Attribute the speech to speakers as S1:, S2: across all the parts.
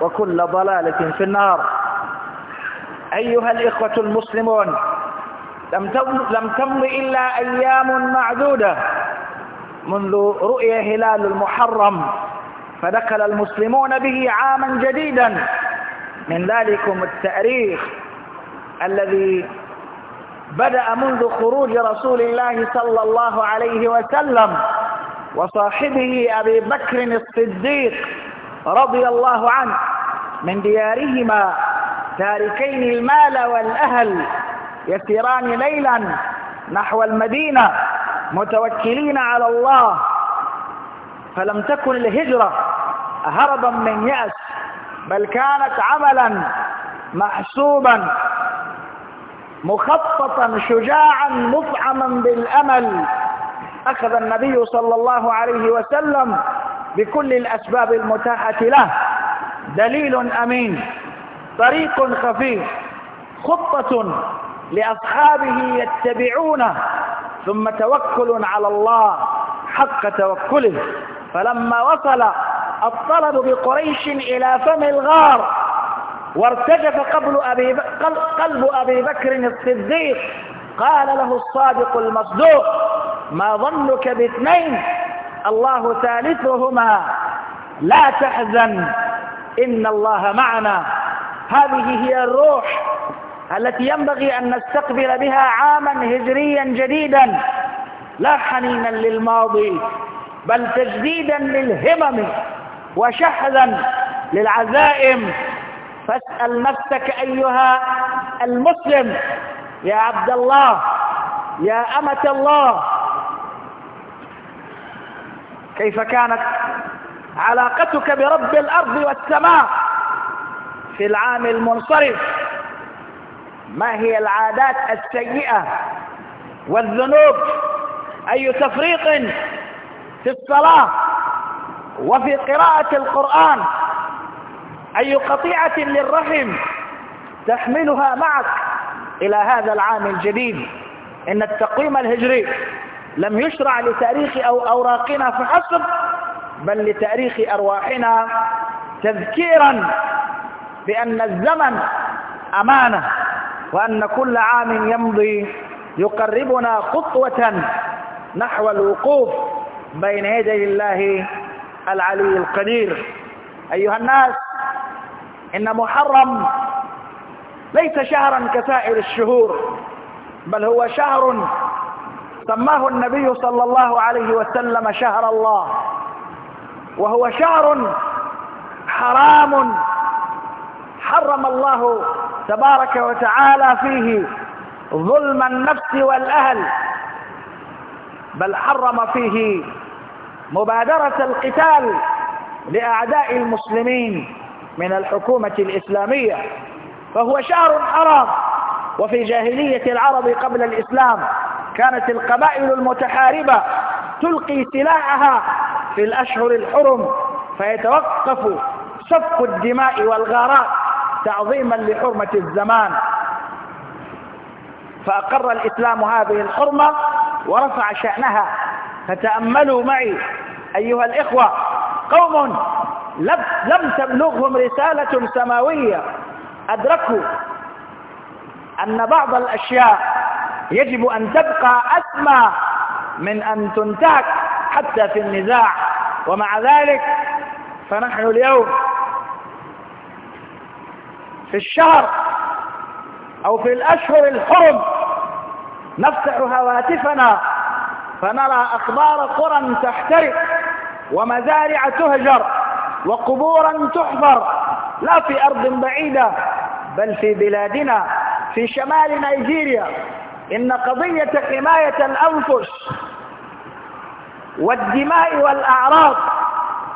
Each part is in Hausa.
S1: وكل ضلالة في النار أيها الإخوة المسلمون لم لم تمض إلا أيام معدودة منذ رؤية هلال المحرم فدخل المسلمون به عاما جديدا من ذلكم التاريخ الذي بدأ منذ خروج رسول الله صلى الله عليه وسلم وصاحبه أبي بكر الصديق رضي الله عنه من ديارهما تاركين المال والأهل يسيران ليلا نحو المدينة متوكلين على الله فلم تكن الهجرة هربا من يأس بل كانت عملا محسوبا مخططا شجاعا مطعما بالأمل أخذ النبي صلى الله عليه وسلم بكل الأسباب المتاحة له دليل أمين طريق خفيف خطة لأصحابه يتبعونه ثم توكل على الله حق توكله فلما وصل الطلب بقريش إلى فم الغار وارتجف قبل أبي قلب أبي بكر الصديق قال له الصادق المصدوق ما ظنك باثنين الله ثالثهما لا تحزن إن الله معنا هذه هي الروح التي ينبغي أن نستقبل بها عاما هجريا جديدا لا حنينا للماضي بل تجديدا للهمم وشحذا للعزائم فاسأل نفسك أيها المسلم يا عبد الله يا أمة الله كيف كانت علاقتك برب الأرض والسماء في العام المنصرف ما هي العادات السيئة والذنوب أي تفريط في الصلاة وفي قراءة القرآن أي قطيعة للرحم تحملها معك إلى هذا العام الجديد إن التقويم الهجري لم يشرع لتاريخ أو أوراقنا فحسب بل لتاريخ أرواحنا تذكيرا بأن الزمن أمانة وأن كل عام يمضي يقربنا خطوة نحو الوقوف بين يدي الله العلي القدير أيها الناس إن محرم ليس شهرا كسائر الشهور بل هو شهر سماه النبي صلى الله عليه وسلم شهر الله وهو شهر حرام حرم الله تبارك وتعالى فيه ظلم النفس والأهل بل حرم فيه مبادرة القتال لأعداء المسلمين من الحكومة الإسلامية فهو شهر حرام وفي جاهلية العرب قبل الإسلام كانت القبائل المتحاربة تلقي سلاحها في الأشهر الحرم فيتوقف سفك الدماء والغارات تعظيما لحرمة الزمان فأقر الإسلام هذه الحرمة ورفع شأنها فتأملوا معي أيها الإخوة قوم لم تبلغهم رسالة سماوية أدركوا أن بعض الأشياء يجب أن تبقى أسمى من أن تنتهك حتى في النزاع ومع ذلك فنحن اليوم في الشهر أو في الأشهر الحرم نفتح هواتفنا فنرى أخبار قرى تحترق ومزارع تهجر وقبورا تحفر لا في أرض بعيدة بل في بلادنا في شمال نيجيريا إن قضية حماية الأنفس والدماء والأعراض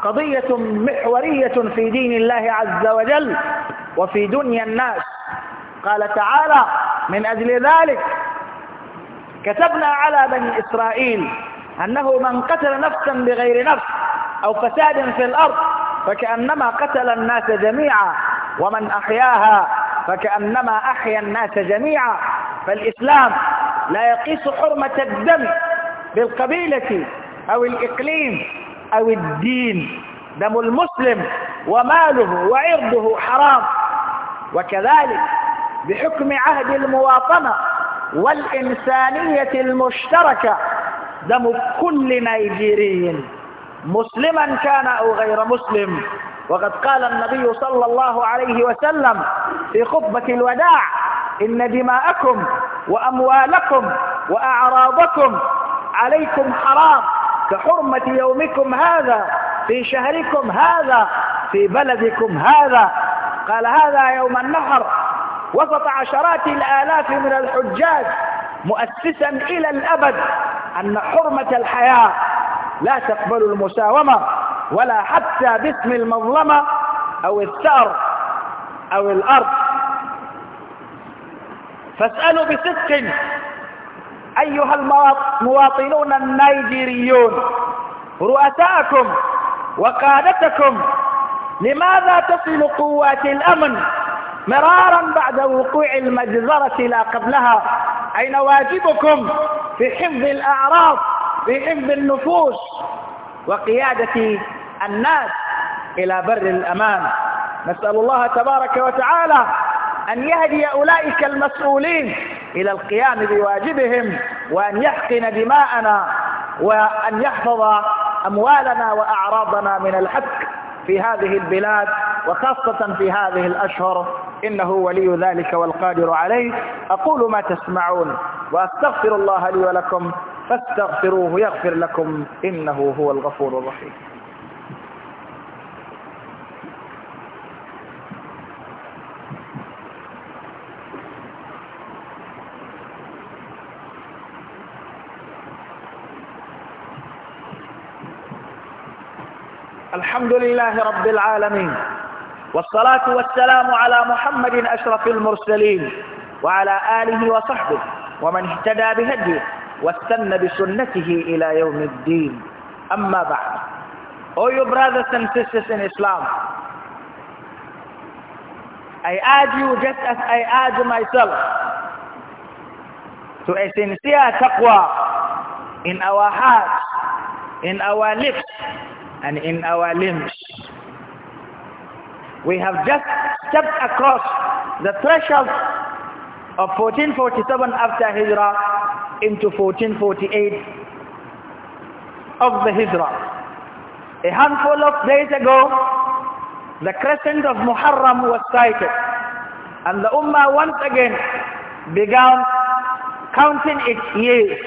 S1: قضية محورية في دين الله عز وجل وفي دنيا الناس قال تعالى من أجل ذلك كتبنا على بني إسرائيل أنه من قتل نفسا بغير نفس أو فساد في الأرض فكأنما قتل الناس جميعا ومن أحياها فكأنما أحيا الناس جميعا فالإسلام لا يقيس حرمة الدم بالقبيلة أو الإقليم أو الدين دم المسلم وماله وعرضه حرام وكذلك بحكم عهد المواطنة والإنسانية المشتركة دم كل نيجيري مسلما كان أو غير مسلم وقد قال النبي صلى الله عليه وسلم في خطبة الوداع إن دماءكم وأموالكم وأعراضكم عليكم حرام كحرمة يومكم هذا في شهركم هذا في بلدكم هذا قال هذا يوم النحر وسط عشرات الآلاف من الحجاج مؤسسا إلى الأبد أن حرمة الحياة لا تقبل المساومة ولا حتى باسم المظلمة أو الثأر أو الأرض فاسألوا بصدق أيها المواطنون النيجيريون رؤساءكم وقادتكم لماذا تصل قوات الأمن مرارا بعد وقوع المجزرة لا قبلها أين واجبكم في حفظ الأعراض في حفظ النفوس وقيادة الناس إلى بر الأمان نسأل الله تبارك وتعالى أن يهدي أولئك المسؤولين إلى القيام بواجبهم وأن يحقن دماءنا وأن يحفظ أموالنا وأعراضنا من الحق في هذه البلاد وخاصة في هذه الأشهر إنه ولي ذلك والقادر عليه أقول ما تسمعون وأستغفر الله لي ولكم فاستغفروه يغفر لكم إنه هو الغفور الرحيم الحمد لله رب العالمين والصلاة والسلام على محمد أشرف المرسلين وعلى آله وصحبه ومن اهتدى بهديه واستنى بسنته إلى يوم الدين أما بعد Oh you brothers and sisters in Islam I urge you just as I urge myself to a sincere taqwa in our hearts in our lips and in our limbs. We have just stepped across the threshold of 1447 after Hijrah into 1448 of the Hijrah. A handful of days ago, the crescent of Muharram was sighted and the Ummah once again began counting its years,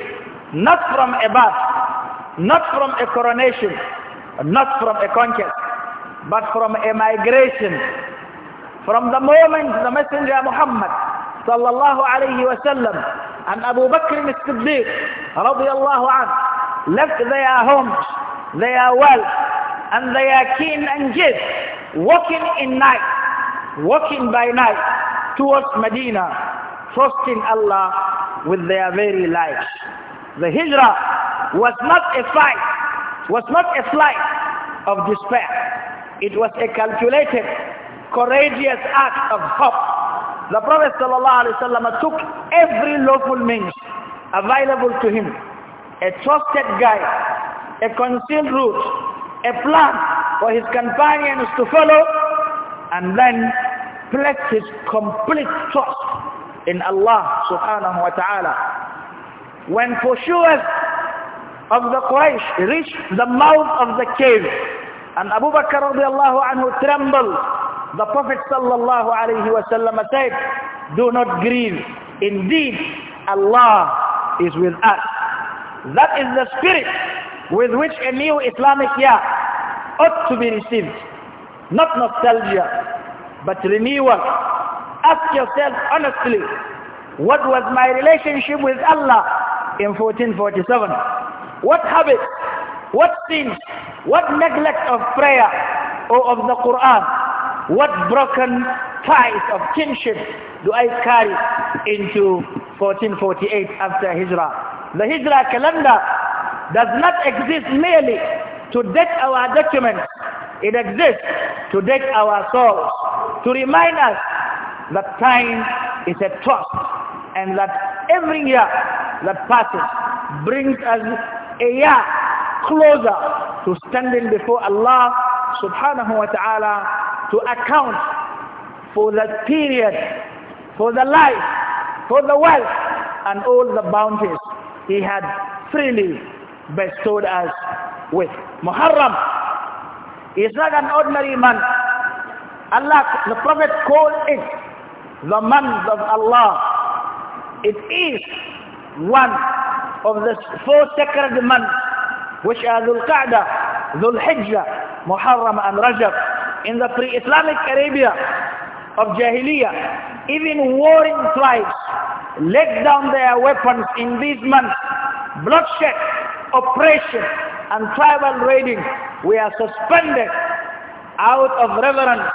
S1: not from a birth, not from a coronation, not from a conquest, but from a migration. From the moment the Messenger Muhammad sallallahu alayhi wasallam and Abu Bakr as-Siddiq radiyallahu anhu left their homes, their wealth, and their kin and gifts, walking in night, walking by night towards Medina, trusting Allah with their very lives. The hijrah was not a fight, was not a flight of despair. It was a calculated, courageous act of hope. The Prophet ﷺ took every lawful means available to him, a trusted guide, a concealed route, a plan for his companions to follow, and then placed his complete trust in Allah subhanahu wa ta'ala. When sure of the Quraysh reached the mouth of the cave. And Abu Bakr radiallahu anhu trembled. The Prophet sallallahu alayhi wa sallam said, do not grieve. Indeed, Allah is with us. That is the spirit with which a new Islamic year ought to be received. Not nostalgia, but renewal. Ask yourself honestly, what was my relationship with Allah in 1447? what habits, what sins, what neglect of prayer or of the Quran, what broken ties of kinship do I carry into 1448 after Hijrah? The Hijrah calendar does not exist merely to date our documents. It exists to date our souls, to remind us that time is a trust and that every year that passes brings us a year closer to standing before Allah subhanahu wa ta'ala to account for that period, for the life, for the wealth, and all the bounties He had freely bestowed us with. Muharram is not an ordinary month. Allah, the Prophet called it the month of Allah. It is one of the four sacred months, which are Dhul Qa'dah, Dhul Hijjah, Muharram and Rajab, in the pre-Islamic Arabia of Jahiliyyah, even warring tribes laid down their weapons in these months. Bloodshed, oppression, and tribal raiding were suspended out of reverence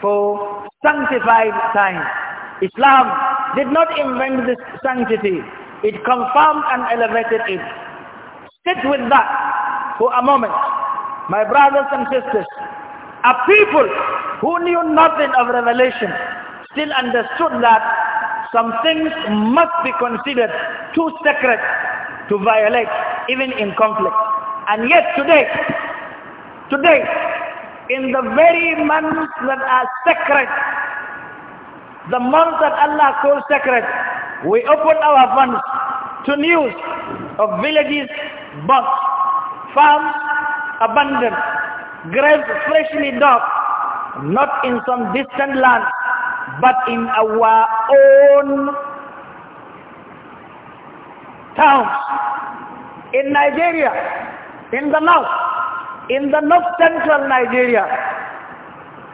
S1: for sanctified time. Islam did not invent this sanctity. It confirmed and elevated it. Sit with that for a moment. My brothers and sisters, a people who knew nothing of revelation still understood that some things must be considered too sacred to violate even in conflict. And yet today, today, in the very months that are sacred, the month that Allah calls sacred, we open our funds to news of villages burnt, farms abandoned, graves freshly dug, not in some distant land, but in our own
S2: towns.
S1: In Nigeria, in the north, in the north central Nigeria,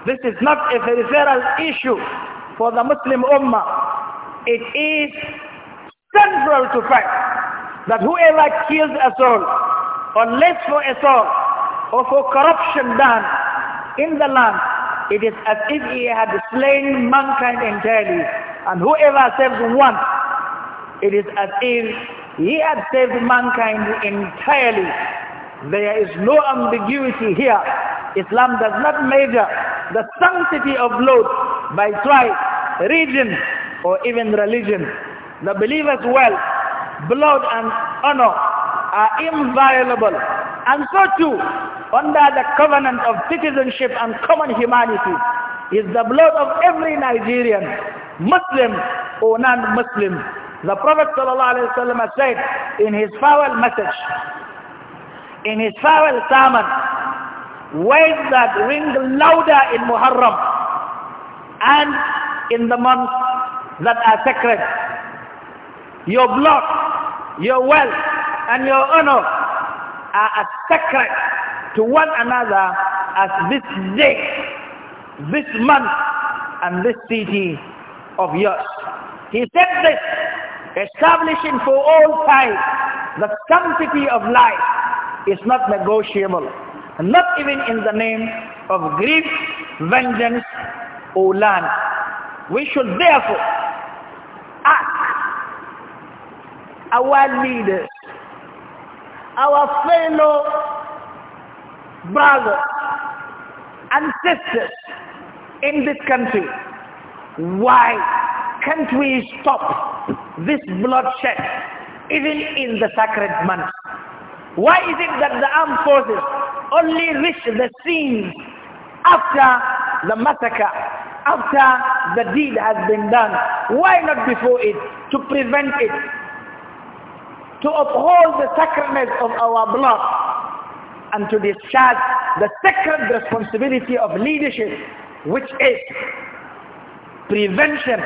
S1: this is not a peripheral issue for the Muslim Ummah. It is central to fact that whoever kills a soul, unless for a soul or for corruption done in the land, it is as if he had slain mankind entirely. And whoever saves one, it is as if he had saved mankind entirely. There is no ambiguity here. Islam does not measure the sanctity of blood by tribe, region, or even religion. The believer's wealth, blood and honor are inviolable. And so too, under the covenant of citizenship and common humanity, is the blood of every Nigerian, Muslim or non-Muslim. The Prophet ﷺ said in his farewell message, in his farewell sermon, words that ring louder in Muharram and in the month that are sacred. Your blood, your wealth, and your honor are as sacred to one another as this day, this month, and this city of yours. He said this, establishing for all time the sanctity of life is not negotiable, not even in the name of grief, vengeance, or land. We should therefore our leaders, our fellow brothers and sisters in this country. Why can't we stop this bloodshed even in the sacred month? Why is it that the armed forces only reach the scene after the massacre, after the deed has been done? Why not before it, to prevent it, to uphold the sacredness of our blood and to discharge the sacred responsibility of leadership which is prevention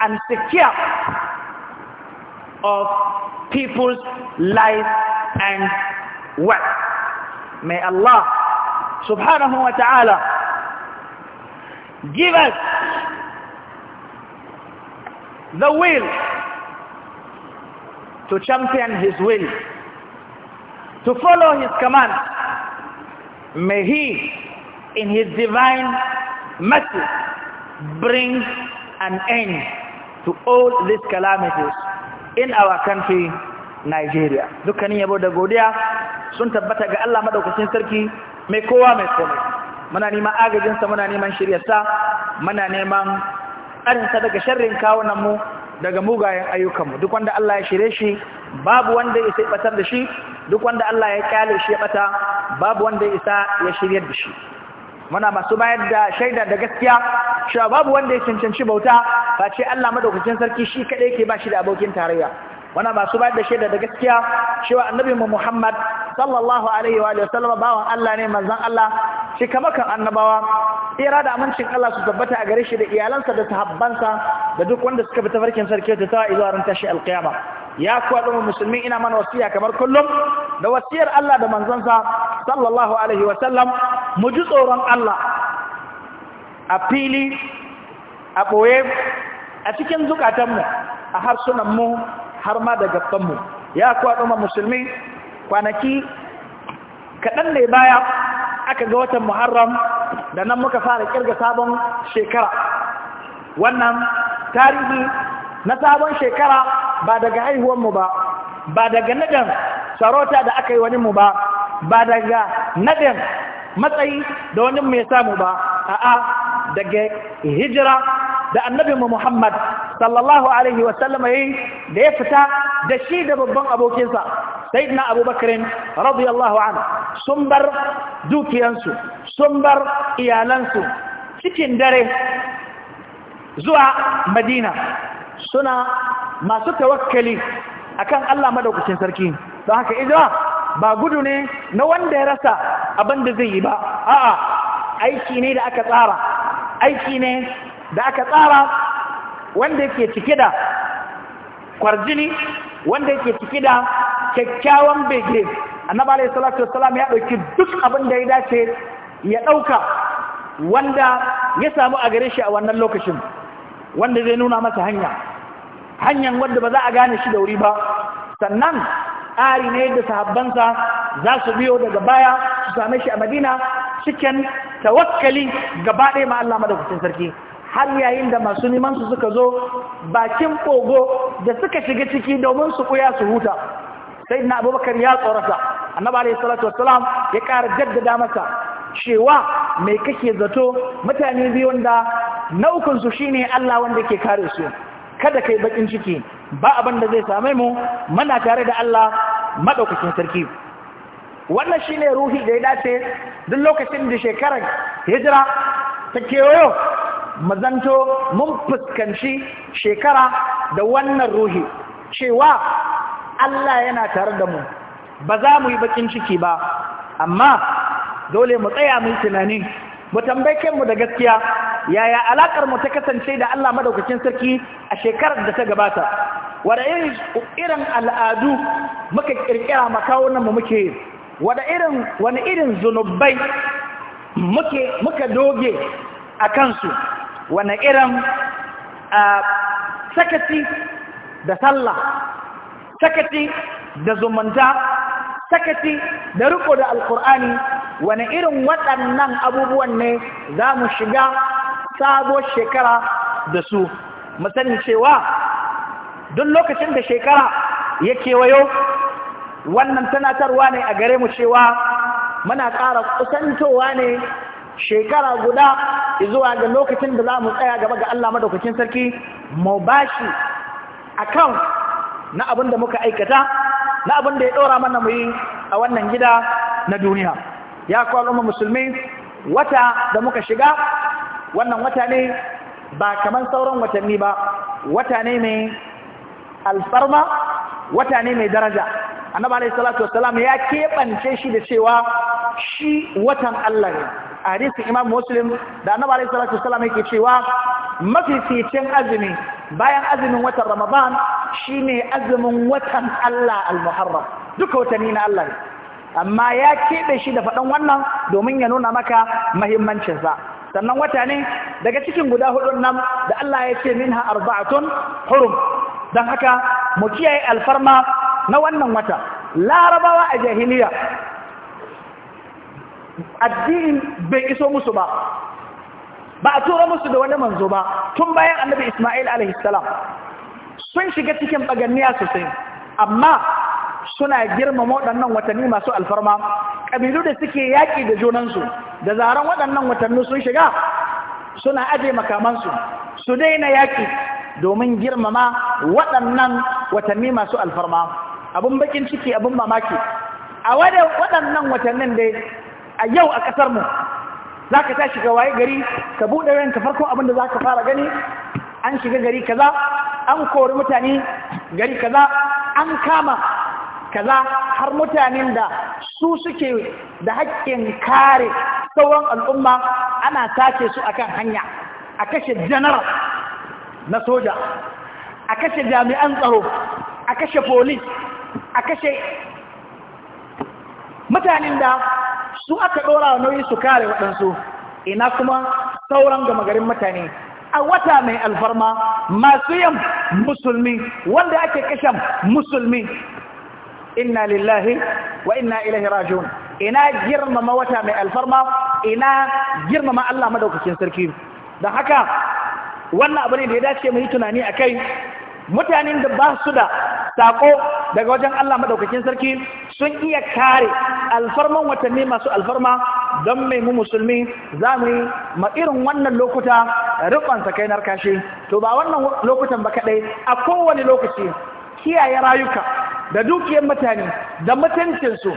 S1: and secure of people's life and wealth. May Allah subhanahu wa ta'ala give us the will to champion his will, to follow his command. May he, in his divine mercy, bring an end to all these calamities in our country, Nigeria. Dukkanin yabo da godiya sun tabbata ga Allah madaukakin sarki mai kowa mai komai. Muna neman agajinsa, muna neman sa muna neman tsarinsa daga sharrin kawunan mu. daga mugayen ayyukanmu duk wanda Allah ya shirye shi babu wanda isa ya batar da shi duk wanda Allah ya kyale shi ya bata babu wanda isa ya shirye da shi muna masu bayar da shaida da gaskiya cewa babu wanda ya cancanci bauta face Allah madaukakin sarki shi kadai yake ba shi da abokin tarayya muna masu bayar da shaida da gaskiya cewa annabi mu Muhammad sallallahu alaihi wa sallam bawan Allah ne manzon Allah kan annabawa tsira da amincin Allah su tabbata a gare shi da iyalansa da sahabbansa da duk wanda suka bi tafarkin sarki ta tawa izuwa ran tashi alkiyama ya kuwa ɗin musulmi ina mana wasiya kamar kullum da wasiyar Allah da manzansa sallallahu alaihi wa sallam mu ji tsoron Allah a fili a ɓoye a cikin mu a mu har ma da gabanmu ya kuwa ɗin musulmi kwanaki kaɗan ne baya aka ga watan muharram da nan muka fara kirga sabon shekara wannan tarihi na sabon shekara ba daga haihuwanmu ba ba daga nadan sarauta da aka yi wani mu ba ba daga nadan matsayi da wani mai samu ba a'a daga hijira da annabinmu Muhammad sallallahu alaihi wasallam yayi da ya fita da shi da babban abokinsa sayyidina Abu Bakr radiyallahu anhu sun bar dukiyansu sun bar iyalansu cikin dare zuwa madina suna masu tawakkali akan Allah madaukakin sarki don haka ijira ba gudu ne na wanda ya rasa abin da zai yi ba a'a aiki ne da aka tsara aiki ne da aka tsara wanda yake cike da kwarjini wanda yake cike da kyakkyawan bege annabi alayhi salatu wassalam ya dauki duk abin da ya dace ya dauka wanda ya samu a gare shi a wannan lokacin wanda zai nuna masa hanya hanyar wanda ba za a gane shi da wuri ba sannan tsari ne da sahabbansa za su biyo daga baya su same shi a madina cikin tawakkali gaba ɗaya ma Allah madaukakin sarki har yayin da masu neman su suka zo bakin kogo da suka shiga ciki domin su kuya su huta sai na abubakar ya tsorata annabi alayhi salatu wassalam ya ƙara jaddada masa cewa mai kake zato mutane biyu wanda naukun su shine Allah wanda yake kare su kada kai bakin ciki ba abin da zai same mu muna tare da Allah madaukakin sarki wannan shine ruhi da ya dace duk lokacin da shekarar hijira ta kewayo mazanto mun fuskanci shekara da wannan ruhi cewa Allah yana tare da mu ba za mu yi bakin ciki ba amma dole mu tsaya mun tunani mu tambaye mu da gaskiya yaya alaƙar mu ta kasance da Allah madaukakin sarki a shekarar da ta gabata wada irin al'adu muka kirkira makawunan mu muke wada irin wani irin zunubai muka doge a kansu wani irin ah, sakati da sallah Sakati? da zumunta sakati, da riko da alkur'ani wani irin waɗannan abubuwan ne za mu shiga sabuwar shekara da su musani cewa duk lokacin da shekara ya kewayo wannan tanatarwa ne a gare mu cewa muna ƙara kusantowa ne shekara guda zuwa ga lokacin da za mu tsaya gaba ga Allah madaukakin sarki mu bashi akan na abin da muka aikata na abin da ya ɗora mana mu yi a wannan gida na duniya ya kawo musulmi wata da muka shiga wannan wata ne ba kamar sauran watanni ba wata ne mai alfarma wata ne mai daraja annabi alayhi salatu wassalam ya keɓance shi da cewa shi watan Allah ne a hadisin imam muslim da annabi alayhi salatu wassalam yake cewa mafi mafificin azumi bayan azumin watan Ramadan shine azumin watan Allah al-Muharram duka watanni na Allah ne amma ya keɓe shi da faɗan wannan domin ya nuna maka mahimmancinsa sannan wata ne daga cikin guda hudun nan da Allah ya ce minha arba'atun hurum Dan haka mu kiyaye alfarma na wannan wata larabawa a jahiliya addinin bai iso musu ba ba a tura musu da wani manzo ba tun bayan annabi Ismail alaihissalam sun shiga cikin baganniya sosai amma suna girmama waɗannan watanni masu alfarma ƙabilu da suke yaƙi da junansu da zaren waɗannan watanni sun shiga suna aje makamansu su daina yaƙi domin girmama waɗannan watanni masu alfarma abin bakin ciki abin mamaki a waɗannan watannin dai a yau a ƙasarmu za ka tashi ga waye gari ka buɗe ranka farkon abin da za ka fara gani an shiga gari kaza an kori mutane gari kaza an kama kaza har mutanen da su suke da haƙƙin kare sauran al'umma ana sace su akan hanya a kashe janar na soja a kashe jami'an tsaro a kashe polis a kashe mutanen da su aka ɗora wa nauyi su kare waɗansu ina kuma sauran gama garin mutane a wata mai alfarma masu yin musulmi wanda ake kashen musulmi inna lillahi wa inna ilahi rajun ina girmama wata mai alfarma ina girmama Allah madaukakin sarki Da haka wannan abu ne da ya dace mu yi tunani akai mutanen da ba su da sako daga wajen Allah madaukakin sarki sun iya kare alfarman watanni masu alfarma don mai mu musulmi za mu yi ma irin wannan lokuta rikon kai kashi to ba wannan lokutan ba kaɗai a kowane lokaci kiyaye rayuka da dukiyar mutane da mutuncinsu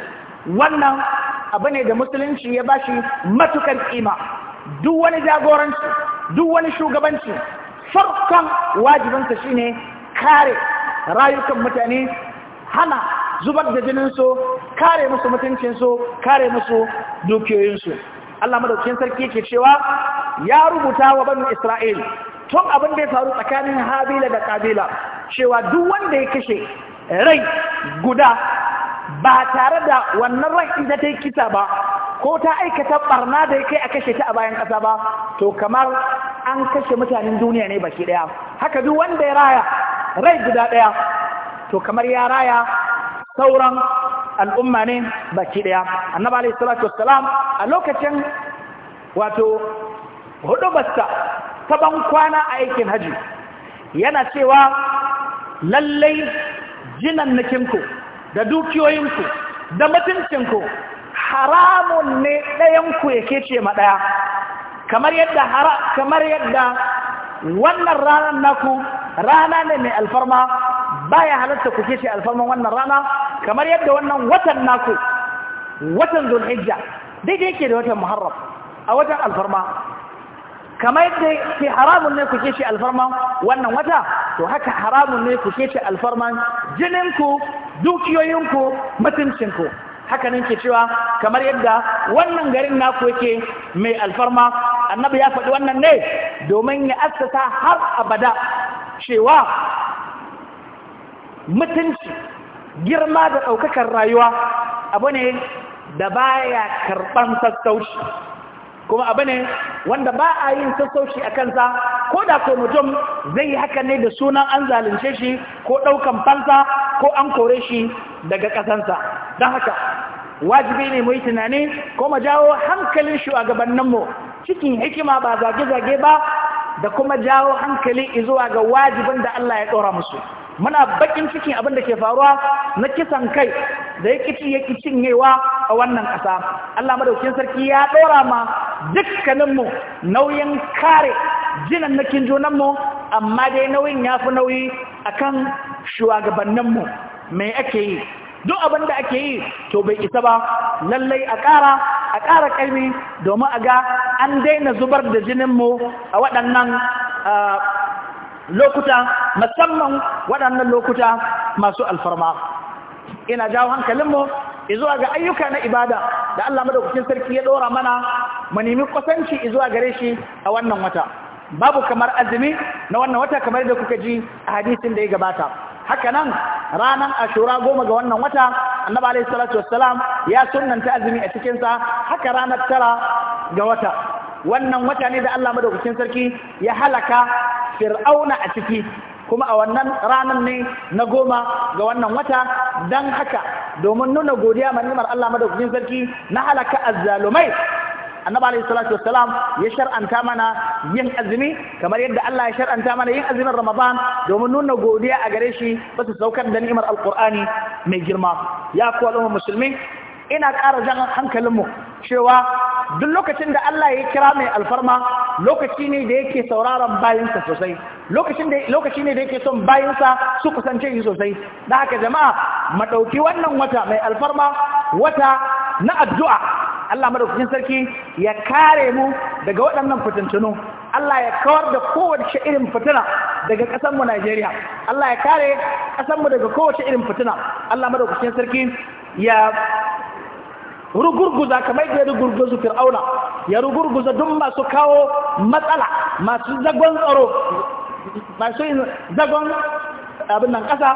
S1: wannan abu ne da musulunci ya bashi matukar kima duk wani jagoranci duk wani shugabanci farkon wajibinsa shine kare rayukan mutane hana zubar da jininsu kare musu mutuncinsu kare musu dukiyoyinsu Allah madaukin sarki ke cewa ya rubuta wa banu Isra'il tun abin da ya faru tsakanin Habila da Kabila cewa duk wanda ya kashe rai guda ba tare da wannan rai inda ta yi kisa ba ko ta aikata barna da ya kai a kashe ta a bayan ƙasa ba to kamar an kashe mutanen duniya ne baki ɗaya haka duk wanda ya raya rai guda ɗaya to kamar ya raya sauran al'umma ne baki ɗaya annaba alaihi salatu a lokacin wato hudu basta ta ban kwana a aikin haji yana cewa lallai jinan nikinku da dukiyoyinku da mutuncinku haramun ne ɗayanku ya ke ce ma ɗaya kamar yadda wannan ranar naku rana ne mai alfarma baya halatta ku kishi alfarman wannan rana kamar yadda wannan watan naku watan zulhijja daidai yake da watan muharram a watan alfarma kamar yadda ke haramun ne ku kishi alfarman wannan wata to haka haramun ne ku kishi alfarman jininku dukiyoyinku mutuncinku haka nan ke cewa kamar yadda wannan garin naku yake mai alfarma annabi ya faɗi wannan ne domin ya assasa har abada cewa mutunci girma da ɗaukakar rayuwa abu ne da ba ya karɓan sassauci kuma abu ne wanda ba a yin sassauci a kansa ko da ko mutum zai yi haka ne da sunan an zalunce shi ko ɗaukan fansa ko an kore shi daga ƙasansa don haka wajibi ne mu yi tunani ko mu jawo hankalin shugabanninmu cikin hikima ba zage-zage ba da kuma jawo hankali zuwa ga wajibin da Allah ya ɗora musu muna bakin cikin abin da ke faruwa na kisan kai da ya kici ya cinyewa a wannan ƙasa Allah madaukin sarki ya ɗora ma dukkaninmu nauyin kare jinannakin junanmu amma dai nauyin ya fi nauyi a akan shugabanninmu mai ake yi duk abin da ake yi to bai isa ba lallai a ƙara a ƙara ƙarfi domin a ga an daina zubar da jininmu a waɗannan lokuta musamman waɗannan lokuta masu alfarma ina jawo hankalinmu izuwa ga ayyuka na ibada da Allah madaukakin sarki ya ɗora mana mu nemi kusanci izuwa gare shi a wannan wata babu kamar azumi na wannan wata kamar da kuka ji a hadisin da ya gabata haka nan ranar ashura goma ga wannan wata annabi alaihi salatu wassalam ya sunnanta azumi a cikinsa haka ranar tara ga wata wannan wata ne da Allah madaukakin sarki ya halaka fir'auna a ciki kuma a wannan ranar ne na goma ga wannan wata don haka domin nuna godiya ma ni'imar Allah madaukakin sarki na halaka azzalumai annabi alaihi salatu wassalam ya shar'anta mana yin azumi kamar yadda Allah ya shar'anta mana yin azumin Ramadan domin nuna godiya a gare shi ba su saukar da ni'imar alqur'ani mai girma ya ku al'umma musulmi ina ƙara jan hankalinmu cewa duk lokacin da Allah ya kira mai alfarma lokaci ne da yake sauraron sa sosai lokaci ne da yake son bayansa su kusance shi sosai da haka jama'a madauki wannan wata mai alfarma wata na addu'a Allah madaukakin sarki ya kare mu daga waɗannan fitintunu Allah ya kawar da kowace irin fitina daga mu Najeriya Allah ya kare mu daga kowace irin fitina Allah madaukakin sarki ya rugurguza kamar da ya rugurguza fir'auna ya rugurguza duk masu kawo matsala masu zagon tsaro masu zagon abin nan ƙasa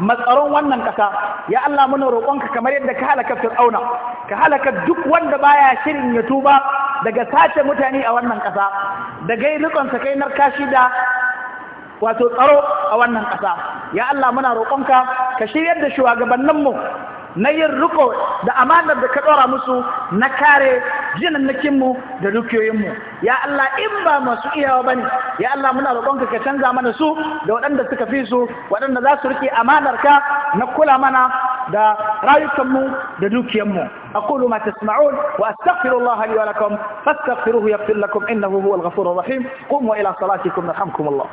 S1: matsaron wannan ƙasa ya Allah muna roƙonka kamar yadda ka halaka fir'auna ka halaka duk wanda baya shirin ya tuba daga sace mutane a wannan ƙasa da gai rikon sa kai narkashi da wato tsaro a wannan ƙasa ya Allah muna roƙonka ka shiryar da shugabanninmu na yin riko da amanar da ka ɗora musu na kare jinannakinmu da dukiyoyinmu ya Allah in ba masu iyawa ba ne ya Allah muna roƙonka ka canza mana su da waɗanda suka fi su waɗanda za su riƙe amanarka na kula mana da rayukanmu da dukiyanmu أقول ما تسمعون wa الله لي ولكم فاستغفروه يغفر لكم إنه هو الغفور الرحيم قوموا إلى صلاتكم يرحمكم الله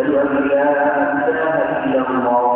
S2: أشهد أن لا إله إلا الله